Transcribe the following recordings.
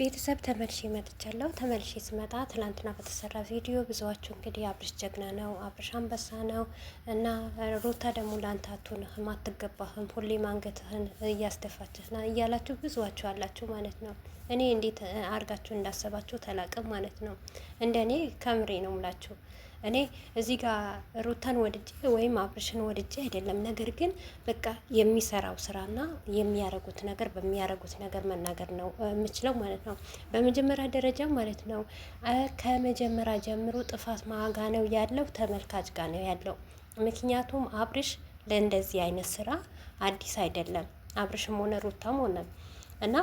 ቤተሰብ ተመልሼ መጥቻለሁ። ተመልሼ ስመጣ ትናንትና በተሰራ ቪዲዮ ብዙዎቹ እንግዲህ አብርሽ ጀግና ነው፣ አብርሽ አንበሳ ነው እና ሩታ ደግሞ ለአንተ አትሆንህም፣ አትገባህም፣ ሁሌም እያስደፋችህ ና እያላችሁ ብዙዎቹ አላችሁ ማለት ነው። እኔ እንዴት አርጋችሁ እንዳሰባችሁ ተላቅም ማለት ነው። እንደ እኔ ከምሬ ነው ምላችሁ እኔ እዚህ ጋር ሩታን ወድጄ ወይም አብርሽን ወድጄ አይደለም። ነገር ግን በቃ የሚሰራው ስራና የሚያረጉት ነገር በሚያረጉት ነገር መናገር ነው የምችለው ማለት ነው። በመጀመሪያ ደረጃ ማለት ነው ከመጀመሪያ ጀምሮ ጥፋት ማጋ ነው ያለው ተመልካች ጋ ነው ያለው። ምክንያቱም አብርሽ ለእንደዚህ አይነት ስራ አዲስ አይደለም። አብርሽም ሆነ ሩታም ሆነ እና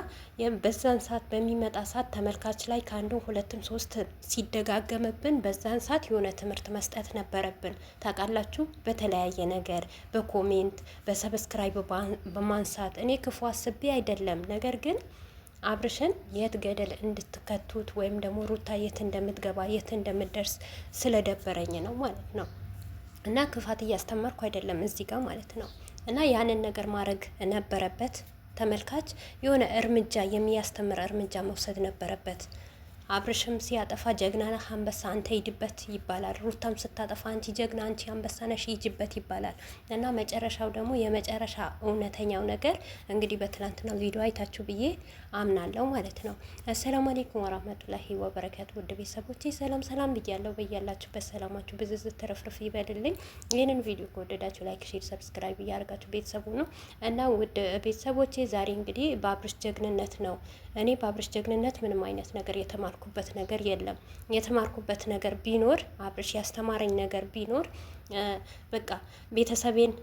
በዛን ሰዓት በሚመጣ ሰዓት ተመልካች ላይ ከአንዱ ሁለትም ሶስት ሲደጋገምብን በዛን ሰዓት የሆነ ትምህርት መስጠት ነበረብን። ታውቃላችሁ፣ በተለያየ ነገር በኮሜንት በሰብስክራይብ በማንሳት እኔ ክፉ አስቤ አይደለም ነገር ግን አብርሽን የት ገደል እንድትከቱት ወይም ደግሞ ሩታ የት እንደምትገባ የት እንደምትደርስ ስለደበረኝ ነው ማለት ነው። እና ክፋት እያስተማርኩ አይደለም እዚህ ጋር ማለት ነው። እና ያንን ነገር ማድረግ ነበረበት። ተመልካች የሆነ እርምጃ የሚያስተምር እርምጃ መውሰድ ነበረበት። አብርሽም ሲያጠፋ ጀግና ነህ አንበሳ አንተ ሂድበት ይባላል። ሩታም ስታጠፋ አንቺ ጀግና አንቺ አንበሳ ነሽ ሂጅበት ይባላል። እና መጨረሻው ደግሞ የመጨረሻ እውነተኛው ነገር እንግዲህ በትላንትናው ቪዲዮ አይታችሁ ብዬ አምናለሁ ማለት ነው። አሰላሙ አሌይኩም ወራህመቱላሂ ወበረከቱ። ውድ ቤተሰቦቼ ሰላም ሰላም ብያለሁ። በያላችሁበት ሰላማችሁ ብዙ ትርፍርፍ ይበልልኝ። ይህንን ቪዲዮ ከወደዳችሁ ላይክ፣ ሼር፣ ሰብስክራይብ እያደርጋችሁ ቤተሰቡ ነው እና ውድ ቤተሰቦቼ ዛሬ እንግዲህ በአብርሽ ጀግንነት ነው እኔ በአብርሽ ጀግንነት ምንም አይነት ነገር የተማርኩበት ነገር የለም። የተማርኩበት ነገር ቢኖር አብርሽ ያስተማረኝ ነገር ቢኖር በቃ ቤተሰቤን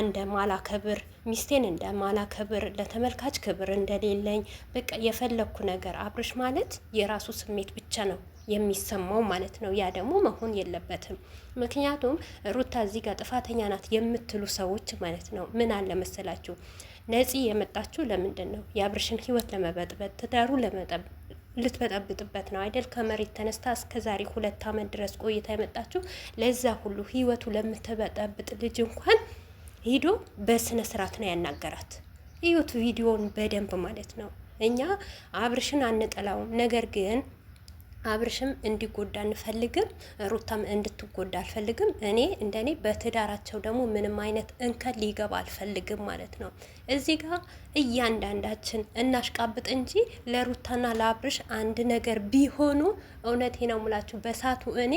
እንደማላከብር ሚስቴን እንደማላከብር ለተመልካች ክብር እንደሌለኝ በቃ የፈለግኩ ነገር አብርሽ ማለት የራሱ ስሜት ብቻ ነው የሚሰማው ማለት ነው። ያ ደግሞ መሆን የለበትም። ምክንያቱም ሩታ እዚህ ጋር ጥፋተኛ ናት የምትሉ ሰዎች ማለት ነው ምን አለ መሰላችሁ ነፂ የመጣችው ለምንድን ነው? የአብርሽን ህይወት ለመበጥበጥ ትዳሩ ልትበጠብጥበት ነው አይደል? ከመሬት ተነስታ እስከ ዛሬ ሁለት አመት ድረስ ቆይታ የመጣችው ለዛ ሁሉ ህይወቱ ለምትበጠብጥ ልጅ እንኳን ሂዶ በስነ ስርዓት ነው ያናገራት። ህይወቱ ቪዲዮውን በደንብ ማለት ነው። እኛ አብርሽን አንጠላውም፣ ነገር ግን አብርሽም እንዲጎዳ አንፈልግም፣ ሩታም እንድትጎዳ አልፈልግም። እኔ እንደኔ በትዳራቸው ደግሞ ምንም አይነት እንከን ሊገባ አልፈልግም ማለት ነው እዚህ ጋር እያንዳንዳችን እናሽቃብጥ እንጂ ለሩታና ለአብርሽ አንድ ነገር ቢሆኑ እውነቴ ነው ሙላችሁ። በሳቱ እኔ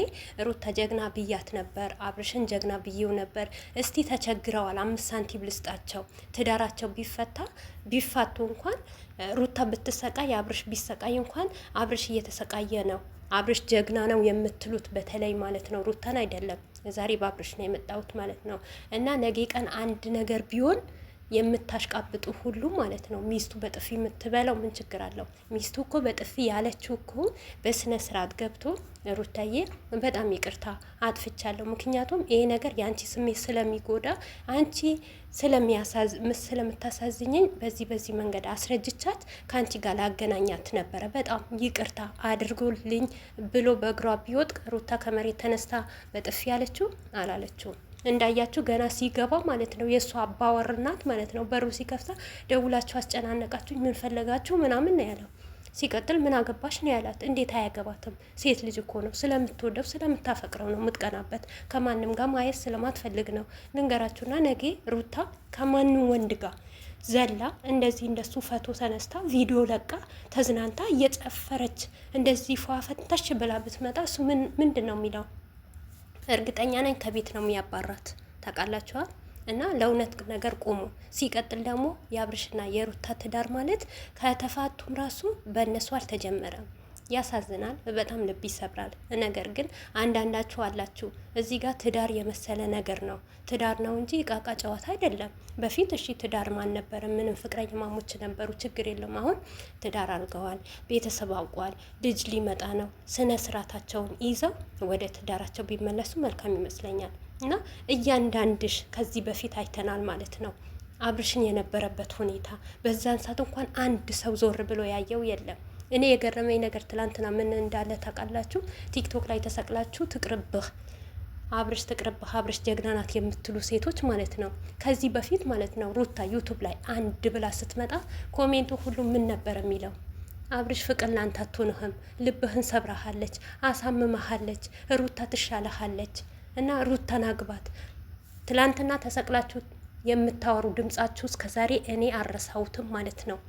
ሩታ ጀግና ብያት ነበር፣ አብርሽን ጀግና ብዬው ነበር። እስቲ ተቸግረዋል፣ አምስት ሳንቲም ልስጣቸው። ትዳራቸው ቢፈታ ቢፋቱ እንኳን ሩታ ብትሰቃይ አብርሽ ቢሰቃይ እንኳን አብርሽ እየተሰቃየ ነው። አብርሽ ጀግና ነው የምትሉት በተለይ ማለት ነው ሩታን አይደለም። ዛሬ በአብርሽ ነው የመጣሁት ማለት ነው እና ነገ ቀን አንድ ነገር ቢሆን የምታሽቃብጡ ሁሉ ማለት ነው። ሚስቱ በጥፊ የምትበላው ምን ችግር አለው? ሚስቱ እኮ በጥፊ ያለችው እኮ በስነ ስርዓት ገብቶ ሩታዬ፣ በጣም ይቅርታ አጥፍቻለሁ። ምክንያቱም ይሄ ነገር የአንቺ ስሜት ስለሚጎዳ አንቺ ስለምታሳዝኘኝ በዚህ በዚህ መንገድ አስረጅቻት ከአንቺ ጋር ላገናኛት ነበረ። በጣም ይቅርታ አድርጎልኝ ብሎ በእግሯ ቢወጥቅ ሩታ ከመሬት ተነስታ በጥፊ ያለችው አላለችውም። እንዳያችሁ ገና ሲገባ ማለት ነው የእሱ አባወርናት ማለት ነው በሩ ሲከፍታ ደውላችሁ አስጨናነቃችሁ ምን ምናምን ነው ያለው። ሲቀጥል ምን አገባሽ ነው ያላት። እንዴት አያገባትም? ሴት ልጅ እኮ ነው። ስለምትወደው ስለምታፈቅረው ነው የምትቀናበት። ከማንም ጋር ማየት ስለማትፈልግ ነው። ልንገራችሁና ነገ ሩታ ከማንም ወንድ ጋር ዘላ እንደዚህ እንደሱ ፈቶ ተነስታ ቪዲዮ ለቃ ተዝናንታ እየጨፈረች እንደዚህ ፏፈታሽ ብላ ብትመጣ እሱ ምንድን ነው የሚለው? እርግጠኛ ነኝ ከቤት ነው የሚያባራት ታውቃላችኋል። እና ለእውነት ነገር ቆሙ። ሲቀጥል ደግሞ የአብርሽና የሩታ ትዳር ማለት ከተፋቱም ራሱ በእነሱ አልተጀመረም። ያሳዝናል፣ በጣም ልብ ይሰብራል። ነገር ግን አንዳንዳችሁ አላችሁ እዚህ ጋር ትዳር የመሰለ ነገር ነው። ትዳር ነው እንጂ እቃቃ ጨዋታ አይደለም። በፊት እሺ ትዳር ማን ነበረ? ምንም ፍቅረኛ ማሞች ነበሩ፣ ችግር የለም። አሁን ትዳር አድርገዋል፣ ቤተሰብ አውቋል፣ ልጅ ሊመጣ ነው። ስነ ስርዓታቸውን ይዘው ወደ ትዳራቸው ቢመለሱ መልካም ይመስለኛል። እና እያንዳንድሽ ከዚህ በፊት አይተናል ማለት ነው አብርሽን የነበረበት ሁኔታ በዛን ሰዓት እንኳን አንድ ሰው ዞር ብሎ ያየው የለም። እኔ የገረመኝ ነገር ትላንትና ምን እንዳለ ታውቃላችሁ? ቲክቶክ ላይ ተሰቅላችሁ ትቅርብህ አብርሽ ትቅርብህ አብርሽ ጀግና ናት የምትሉ ሴቶች ማለት ነው። ከዚህ በፊት ማለት ነው ሩታ ዩቱብ ላይ አንድ ብላ ስትመጣ ኮሜንቱ ሁሉ ምን ነበር የሚለው? አብርሽ ፍቅር ላንተ አትሆንህም፣ ልብህን ሰብራሃለች፣ አሳምመሃለች፣ ሩታ ትሻለሃለች እና ሩታን አግባት። ትላንትና ተሰቅላችሁ የምታወሩ ድምጻችሁ እስከዛሬ እኔ አረሳሁትም ማለት ነው።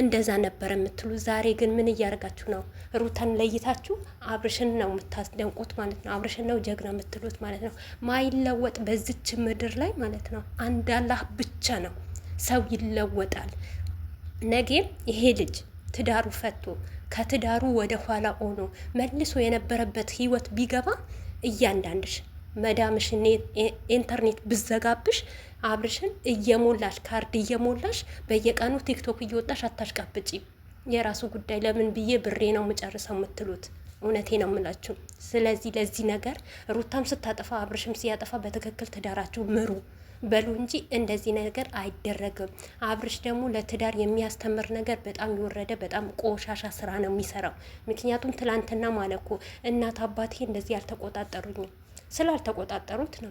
እንደዛ ነበር የምትሉ ዛሬ ግን ምን እያደረጋችሁ ነው? ሩተን ለይታችሁ አብርሽን ነው የምታስደንቁት ማለት ነው። አብርሽን ነው ጀግና የምትሉት ማለት ነው። ማይለወጥ በዚች ምድር ላይ ማለት ነው አንድ አላህ ብቻ ነው። ሰው ይለወጣል። ነገም ይሄ ልጅ ትዳሩ ፈቶ ከትዳሩ ወደ ኋላ ሆኖ መልሶ የነበረበት ህይወት ቢገባ እያንዳንድሽ መዳምሽ ኢንተርኔት ብዘጋብሽ አብርሽን እየሞላሽ ካርድ እየሞላሽ በየቀኑ ቲክቶክ እየወጣሽ አታሽቃብጪ። የራሱ ጉዳይ ለምን ብዬ ብሬ ነው የምጨርሰው የምትሉት እውነቴ ነው የምላችሁ። ስለዚህ ለዚህ ነገር ሩታም ስታጠፋ አብርሽም ሲያጠፋ በትክክል ትዳራችሁ ምሩ በሉ እንጂ እንደዚህ ነገር አይደረግም። አብርሽ ደግሞ ለትዳር የሚያስተምር ነገር በጣም የወረደ በጣም ቆሻሻ ስራ ነው የሚሰራው። ምክንያቱም ትላንትና ማለኮ እናት አባቴ እንደዚህ አልተቆጣጠሩኝም ስላልተቆጣጠሩት ነው፣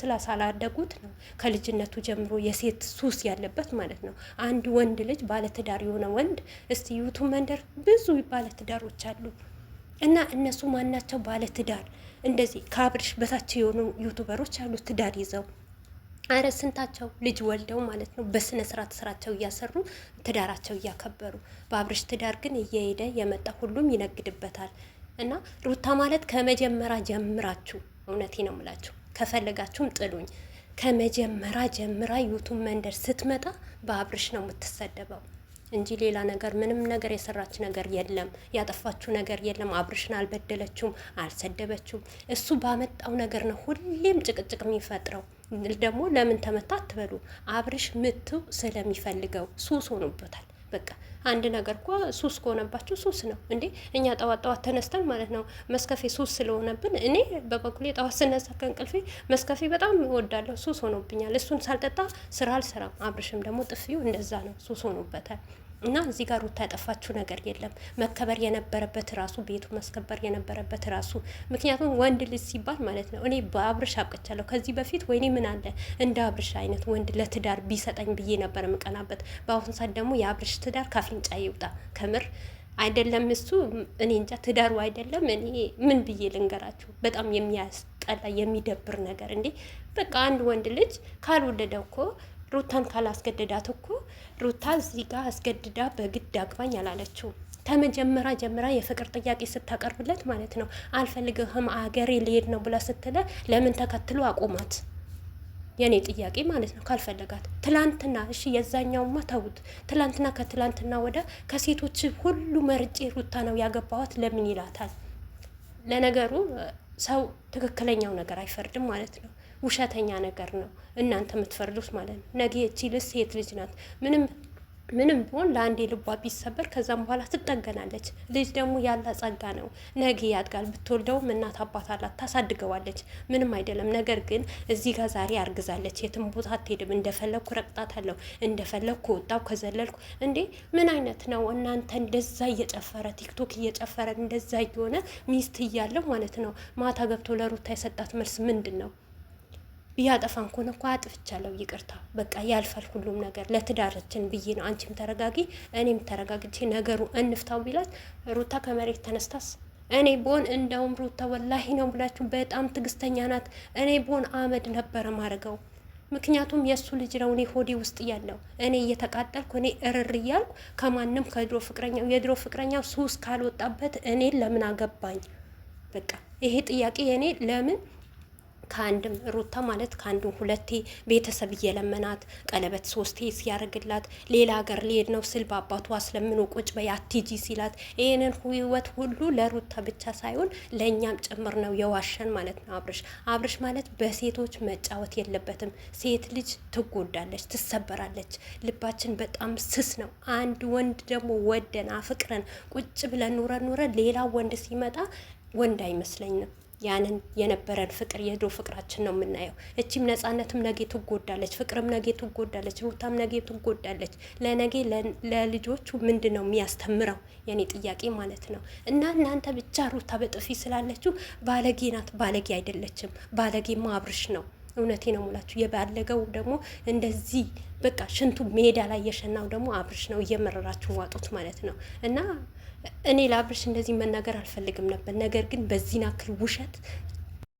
ስላሳላደጉት ነው። ከልጅነቱ ጀምሮ የሴት ሱስ ያለበት ማለት ነው። አንድ ወንድ ልጅ ባለትዳር የሆነ ወንድ እስቲ ዩቱብ መንደር ብዙ ባለትዳሮች አሉ እና እነሱ ማናቸው ባለትዳር እንደዚህ ከአብርሽ በታች የሆኑ ዩቱበሮች አሉ ትዳር ይዘው አረ ስንታቸው ልጅ ወልደው ማለት ነው። በስነ ስርዓት ስራቸው እያሰሩ ትዳራቸው እያከበሩ፣ በአብርሽ ትዳር ግን እየሄደ የመጣ ሁሉም ይነግድበታል። እና ሩታ ማለት ከመጀመሪያ ጀምራችሁ እውነቴ ነው ምላችሁ ከፈለጋችሁም ጥሉኝ። ከመጀመሪያ ጀምራ ዩቱብ መንደር ስትመጣ በአብርሽ ነው የምትሰደበው እንጂ ሌላ ነገር ምንም ነገር የሰራች ነገር የለም። ያጠፋችው ነገር የለም። አብርሽን አልበደለችውም፣ አልሰደበችውም። እሱ ባመጣው ነገር ነው ሁሌም ጭቅጭቅ የሚፈጥረው። ደግሞ ለምን ተመታ አትበሉ። አብርሽ ምትው ስለሚፈልገው ሱስ ሆኖበታል። በቃ አንድ ነገር እኳ ሱስ ከሆነባቸው ሱስ ነው እንዴ። እኛ ጠዋት ጠዋት ተነስተን ማለት ነው መስከፌ ሱስ ስለሆነብን፣ እኔ በበኩሌ ጠዋት ስነሳ ከእንቅልፌ መስከፌ በጣም ወዳለሁ ሱስ ሆኖብኛል። እሱን ሳልጠጣ ስራ አልሰራም። አብርሽም ደግሞ ጥፊው እንደዛ ነው፣ ሱስ ሆኖበታል። እና እዚህ ጋር ሩታ ያጠፋችው ነገር የለም። መከበር የነበረበት ራሱ ቤቱ መስከበር የነበረበት ራሱ ምክንያቱም ወንድ ልጅ ሲባል ማለት ነው። እኔ በአብርሽ አብቀቻለሁ ከዚህ በፊት ወይኔ ምን አለ እንደ አብርሽ አይነት ወንድ ለትዳር ቢሰጠኝ ብዬ ነበር የምቀናበት። በአሁን ሰዓት ደግሞ የአብርሽ ትዳር ካፍንጫ ይውጣ ከምር አይደለም እሱ እኔ እንጃ ትዳሩ አይደለም። እኔ ምን ብዬ ልንገራችሁ? በጣም የሚያስጠላ የሚደብር ነገር እንዴ! በቃ አንድ ወንድ ልጅ ካልወለደ እኮ ሩታን ካላስገደዳት እኮ ሩታ እዚህ ጋር አስገድዳ በግድ አግባኝ አላለችው። ከመጀመሪያ ጀምራ የፍቅር ጥያቄ ስታቀርብለት ማለት ነው አልፈልግህም አገሬ ሊሄድ ነው ብላ ስትለ ለምን ተከትሎ አቆማት? የእኔ ጥያቄ ማለት ነው ካልፈለጋት ትላንትና፣ እሺ የዛኛውማ ተውት። ትላንትና ከትላንትና ወደ ከሴቶች ሁሉ መርጬ ሩታ ነው ያገባዋት ለምን ይላታል? ለነገሩ ሰው ትክክለኛው ነገር አይፈርድም ማለት ነው። ውሸተኛ ነገር ነው እናንተ የምትፈርዱት ማለት ነው። ነገ እቺ ልጅ ሴት ልጅ ናት። ምንም ምንም ቢሆን ለአንዴ ልቧ ቢሰበር ከዛም በኋላ ትጠገናለች። ልጅ ደግሞ ያላ ጸጋ ነው። ነገ ያድጋል። ብትወልደውም እናት አባት አላት፣ ታሳድገዋለች። ምንም አይደለም። ነገር ግን እዚህ ጋር ዛሬ አርግዛለች። የትም ቦታ አትሄድም። እንደፈለግኩ ረቅጣታለሁ፣ እንደፈለግኩ ወጣው ከዘለልኩ። እንዴ ምን አይነት ነው እናንተ? እንደዛ እየጨፈረ ቲክቶክ እየጨፈረ እንደዛ እየሆነ ሚስት እያለው ማለት ነው። ማታ ገብቶ ለሩታ የሰጣት መልስ ምንድን ነው? እያጠፋን ኮነ እኮ አጥፍቻለሁ፣ ይቅርታ በቃ ያልፋል ሁሉም ነገር ለትዳራችን ብዬ ነው። አንቺም ተረጋጊ፣ እኔም ተረጋግቼ ነገሩ እንፍታው ቢላት ሩታ ከመሬት ተነስታስ እኔ ቦን እንደውም ሩታ ወላሂ ነው ብላችሁ በጣም ትግስተኛ ናት። እኔ ቦን አመድ ነበረ ማድረገው ምክንያቱም የእሱ ልጅ ነው እኔ ሆዴ ውስጥ ያለው እኔ እየተቃጠልኩ እኔ እርር እያልኩ ከማንም ከድሮ ፍቅረኛው የድሮ ፍቅረኛው ሱስ ካልወጣበት እኔ ለምን አገባኝ? በቃ ይሄ ጥያቄ እኔ ለምን ከአንድም ሩታ ማለት ከአንዱ ሁለቴ ቤተሰብ እየለመናት ቀለበት ሶስቴ ሲያደርግላት ሌላ ሀገር ሊሄድ ነው ስል በአባቱ አስለምኖ ቁጭ በይ ሲላት ይህንን ህይወት ሁሉ ለሩታ ብቻ ሳይሆን ለእኛም ጭምር ነው የዋሸን ማለት ነው። አብርሽ አብርሽ ማለት በሴቶች መጫወት የለበትም። ሴት ልጅ ትጎዳለች፣ ትሰበራለች። ልባችን በጣም ስስ ነው። አንድ ወንድ ደግሞ ወደን አፍቅረን ቁጭ ብለን ኑረን ኑረን ሌላ ወንድ ሲመጣ ወንድ አይመስለኝም። ያንን የነበረን ፍቅር የድሮ ፍቅራችን ነው የምናየው። እቺም ነጻነትም ነጌ ትጎዳለች፣ ፍቅርም ነጌ ትጎዳለች፣ ሩታም ነጌ ትጎዳለች። ለነጌ ለልጆቹ ምንድን ነው የሚያስተምረው? የኔ ጥያቄ ማለት ነው። እና እናንተ ብቻ ሩታ በጥፊ ስላለችው ባለጌ ናት። ባለጌ አይደለችም። ባለጌ ማብርሽ ነው። እውነቴ ነው ሙላችሁ። የባለገው ደግሞ እንደዚህ በቃ ሽንቱ ሜዳ ላይ የሸናው ደግሞ አብርሽ ነው። እየመረራችሁ ዋጡት ማለት ነው እና እኔ ለአብርሽ እንደዚህ መናገር አልፈልግም ነበር፣ ነገር ግን በዚህ ናክል ውሸት